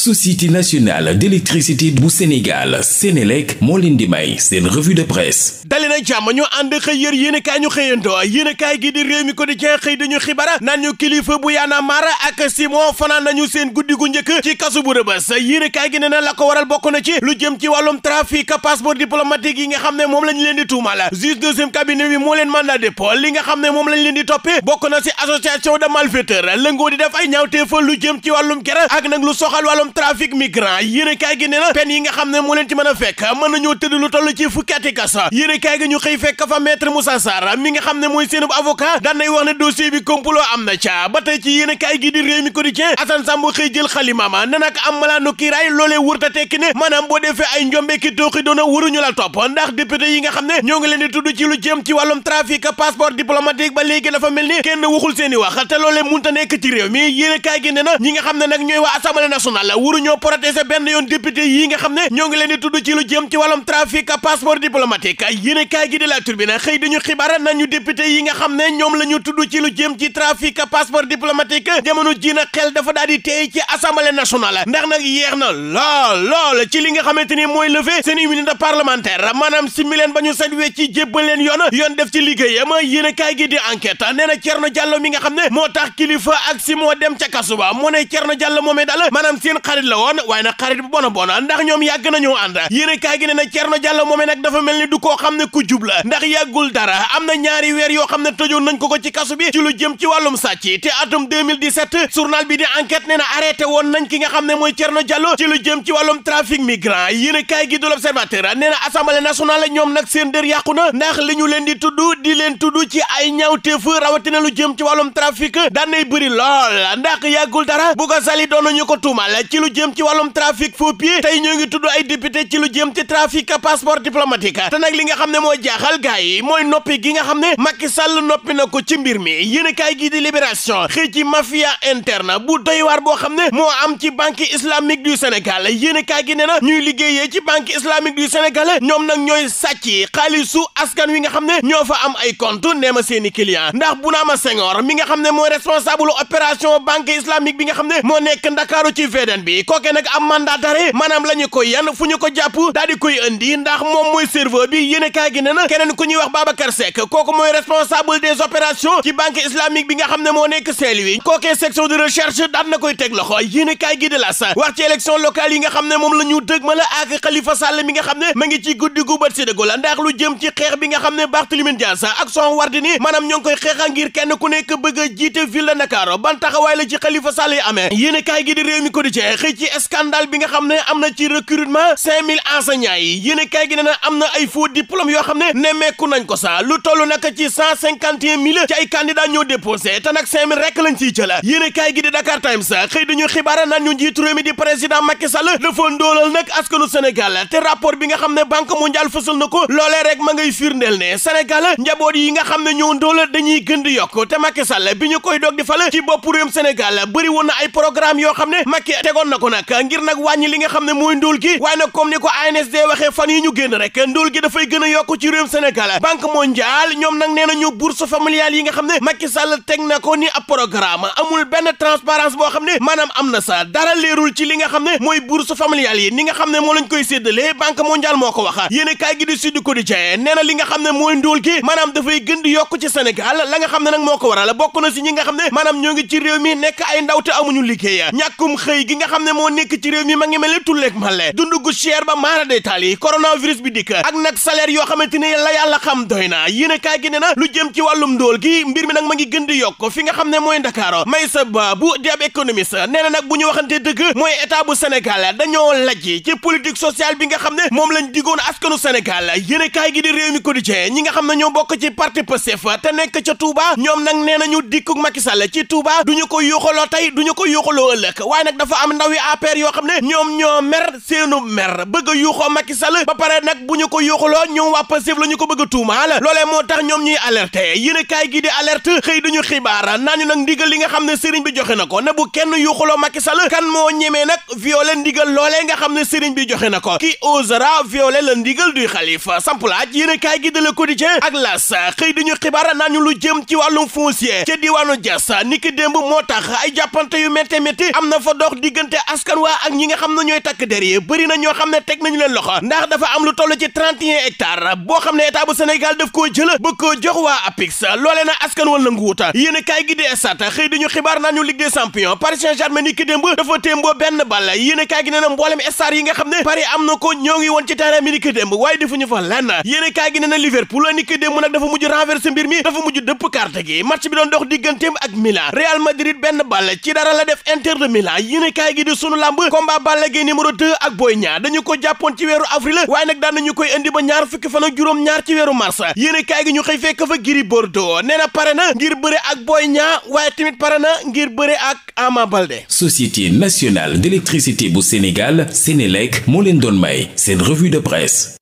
société nationale d'électricité bu Sénégal Sénélec moo leen di may seen revue de presse dali jàmm ñu ànd xëy yër yéen i kaay ñu xëyanto yéen i gi di réew mi quotidien xëy dañu xibara naan ñu kilifa bu yaana mara ak Simon fanaan nañu seen guddi gu njëkk ci kasu bu rëbës yéen i kaay gi nee na la waral bokk na ci lu jëm ci wàllum trafic passeport diplomatique yi nga xam ne moom lañ leen di tuumal juge deuxième cabinet bi moo leen mandat xam ne moom lañ leen di toppee bokk na lu jëm ci wàllum trafic migrant yéene kaay gi pen yi nga xam ne moo leen ci mën a fekk mën nañoo tëdd lu toll ci fukki ati kasa yéene kaay gi ñu xëy fekk fa maître Moussa Sarr mi nga xam ne mooy seen avocat daan wax ne dossier bi complot am na ca ba tey ci yéene kaay gi di réew mi quotidien Assane Samb xëy jël xalimaama ne nag am malaanu kiiraay loolee wurta tekki ne maanaam boo defee ay njombeeki tooxi doona waruñu la topp ndax député yi nga xam ne ñoo ngi leen di tudd ci lu jëm ci wàllum trafic passeport mel ni kenn waxul seen i wax te loolee nekk ci réew mi yéene kaay gi ne na ñi nga xam ne nag ñooy waa waruñoo protéger benn yoon député yi nga xam ne ñoo ngi leen di tudd ci lu jëm ci wàllum trafic passeport diplomatique yéene kaay gi di la turbine xëy dañu xibaar nañu député yi nga xam ne ñoom la ñu tudd ci lu jëm ci trafic passeport diplomatique jamono ji na xel dafa daal di teey ci assemblée nationale ndax nag yeex na lool lool ci li nga xamante ni mooy lever seen immunité parlementaire maanaam simmi leen ba ñu set wee ci jébbal leen yoon yoon def ci liggéeyam yéene kaay gi di enquête nee na Thierno mi nga xam ne moo tax kilifa ak si moo dem ca kasu ba moo ne Thierno Diallo moomee daal maanaam seen xarit la woon waaye nag xarit bu bon a ndax ñoom yàgg nañoo ànd yéen kaay gi ne na Thierno Diallo moomee nag dafa mel ni du koo xam ne ku jub ndax yàggul dara am na ñaari weer yoo xam ne tëjoon nañ ko ko ci kasu bi ci lu jëm ci wàllum sàcc te atum 2017 bi di enquête ne na woon nañ ki nga xam ne mooy Thierno Diallo ci lu jëm ci wàllum trafic migrant yéen kaay gi du l'observateur nee na assemblée nationale ñoom nag seen dër yàqu na ndax li ñu leen di tudd di leen lu jëm ci wàllum trafic faux pieds tey ñoo ngi tudd ay député ci lu jëm ci trafic passeport diplomatique te nag li nga xam ne moo jaaxal gars yi mooy noppi gi nga xam ne Macky Sall noppi na ko ci mbir mi yéen kaay gii di libération xëy ci mafia interne bu doy waar boo xam ne moo am ci banque islamique du Sénégal yéen kaay gi nee na ñuy liggéeyee ci banque islamique du Sénégal ñoom nag ñooy sàcc xaalisu askan wi nga xam ne ñoo fa am ay compte nee ma seeni client ndax Bounama Senghor mi nga xam ne mooy responsable opération banque islamique bi nga xam ne moo bi kooke nag am mandataire maanaam la ñu ko yan fu ñu ko jàpp daal di koy indi ndax moom mooy cerveau bi yéene kaay gi ne keneen ku ñuy wax Babacar Seck kooku mooy responsable des opérations ci banque islamique bi nga xam ne moo nekk Saint-Louis kooke section de recherche daal na koy teg loxo yéene kaay gi de la sa wax ci élection locale yi nga xam ne moom la ñu dëg ma la ak Khalifa Sall mi nga xam ne ma ngi ci guddi gu bët si dëggu la ndax lu jëm ci xeex bi nga xam ne Barthélémy Dias ak Soham Wardini maanaam ñoo ngi koy xeexa ngir kenn ku nekk bëgg a jiite ville de Dakar ban taxawaay la ci Khalifa Sall yi amee kaay gi di réew xëy ci scandale bi nga xam ne am na ci recrutement cinq mille enseignants yi yéen a kaay gi ne na am na ay faux diplôme yoo xam ne nemmeeku nañ ko sa lu toll nag ci cent cinquante et un mille ci ay candidats ñoo déposé te nag cinq mille rek lañ ciy jëla yéen a gi di Dakar Times xëy dañu xibaara naan ñu di président Macky dafa ndóolal nag askanu Sénégal te rapport bi nga xam ne Banque mondiale fësal na ko loolee rek ma ngay firndeel ne Sénégal njaboot yi nga xam ne ñoo ndóolal dañuy gën di yokk te Macky Sall bi ñu koy dog di fal ci bopp réewum Sénégal bëri woon ay programme yoo xam ne Macky tegoon na ko nag ngir nag wàññi li nga xam ne mooy ndóol gi waaye nag comme ko ANSD waxee fan yi ñu génn rek ndóol gi dafay gën a yokk ci réewum Sénégal banque mondiale ñoom nag nee nañu bourse familiale yi nga xam ne Macky Sall teg na ko ni ab programme amul benn transparence boo xam ne maanaam am na sa dara leerul ci li nga xam ne mooy bourse familiale yi ni nga xam ne moo lañ koy séddale banque mondiale moo ko wax yéen a kaay di Sud nee na li nga xam ne mooy ndóol gi maanaam dafay gën di yokk ci Sénégal la nga xam ne nag moo ko waral bokk na si ñi nga xam ne maanaam ñoo ngi ci réew mi nekk ay ndaw te amuñu liggéey ñàkkum xëy gi nga xam ne moo nekk ci réew mi ma ngi mel ni tulleeg male dund gu cher ba maara détaal yi coronavirus bi dikk ak nag salaire yoo xamante ni la yàlla xam doy na yéen a kaay gi ne na lu jëm ci wàllum dool gi mbir mi nag ma ngi gën di yokk fi nga xam ne mooy Ndakaaro may sa ba bu di ab économiste nee na nag bu ñu waxante dëgg mooy état bu Sénégal dañoo lajj ci politique sociale bi nga xam ne moom lañ digoon askanu Sénégal yéen a kaay gi di réew mi quotidien ñi nga xam ne ñoo bokk ci parti Pastef te nekk ca Touba ñoom nag nee nañu dikkuk Macky Sall ci Touba duñu ko yuuxaloo tey duñu ko yuuxaloo ëllëg waaye nag dafa am ndaw yi APR yoo xam ne ñoom ñoom mer seenu mer bëgg a yuuxoo Macky ba pare nag bu ñu ko yuuxuloo ñoom waa Pastef la ñu ko bëgg a tuumaal loolee moo tax ñoom ñuy alerté yéen kaay gi di alerte xëy duñu xibaar naa ñu nag ndigal li nga xam ne sëriñ bi joxe na ko ne bu kenn yuuxuloo Macky Sall kan moo ñemee nag violer ndigal loolee nga xam ne sëriñ bi joxe na ko ki osera violer la ndigal du xalifa samplaaj yéen kaay gi di Le Quotidien ak las xëy duñu xibaar naa ñu lu jëm ci wàllum foncier ca diwaanu Diass niki démb moo tax ay jàppante yu métte métti am na fa dox diggante te askan waa ak ñi nga xam ne ñooy takk der yi bëri na ñoo xam ne teg nañu leen loxo ndax dafa am lu toll ci 31 hectares boo xam ne état bu Sénégal daf koo jël koo jox waa APIX loolee na askan wal nangu wuta yéen a kaay gi di esat xëy diñu xibaar naa ñu Ligue des champions Paris Saint-Germain ni ki démb dafa témboo benn ball yéen a kaay gi nee na mboolem star yi nga xam ne Paris am na ko ñoo ngi woon ci terrain bi ni ki démb waaye defuñu a kaay gi nee na Liverpool ni ki démb nag dafa dafa mujj dëpp carte gi match bi doon dox digganteem ak Milan Real Madrid benn ball ci dara la def Inter de Milan yéen gi di sunu lamb combat Balla Gaye numéro 2 ak Boy Niang dañu ko jàppoon ci weeru avril waaye nag daan nañu koy indi ba ñaar fukki fan ak juróom ñaar ci weeru mars yéene kaay gi ñu xëy fekk fa Gris Bordeaux nee na pare na ngir bëre ak Boy Niang waaye tamit pare na ngir bëre ak Ama Baldé Société nationale d'électricité bu Sénégal Sénélec moo leen doon may seen revue de presse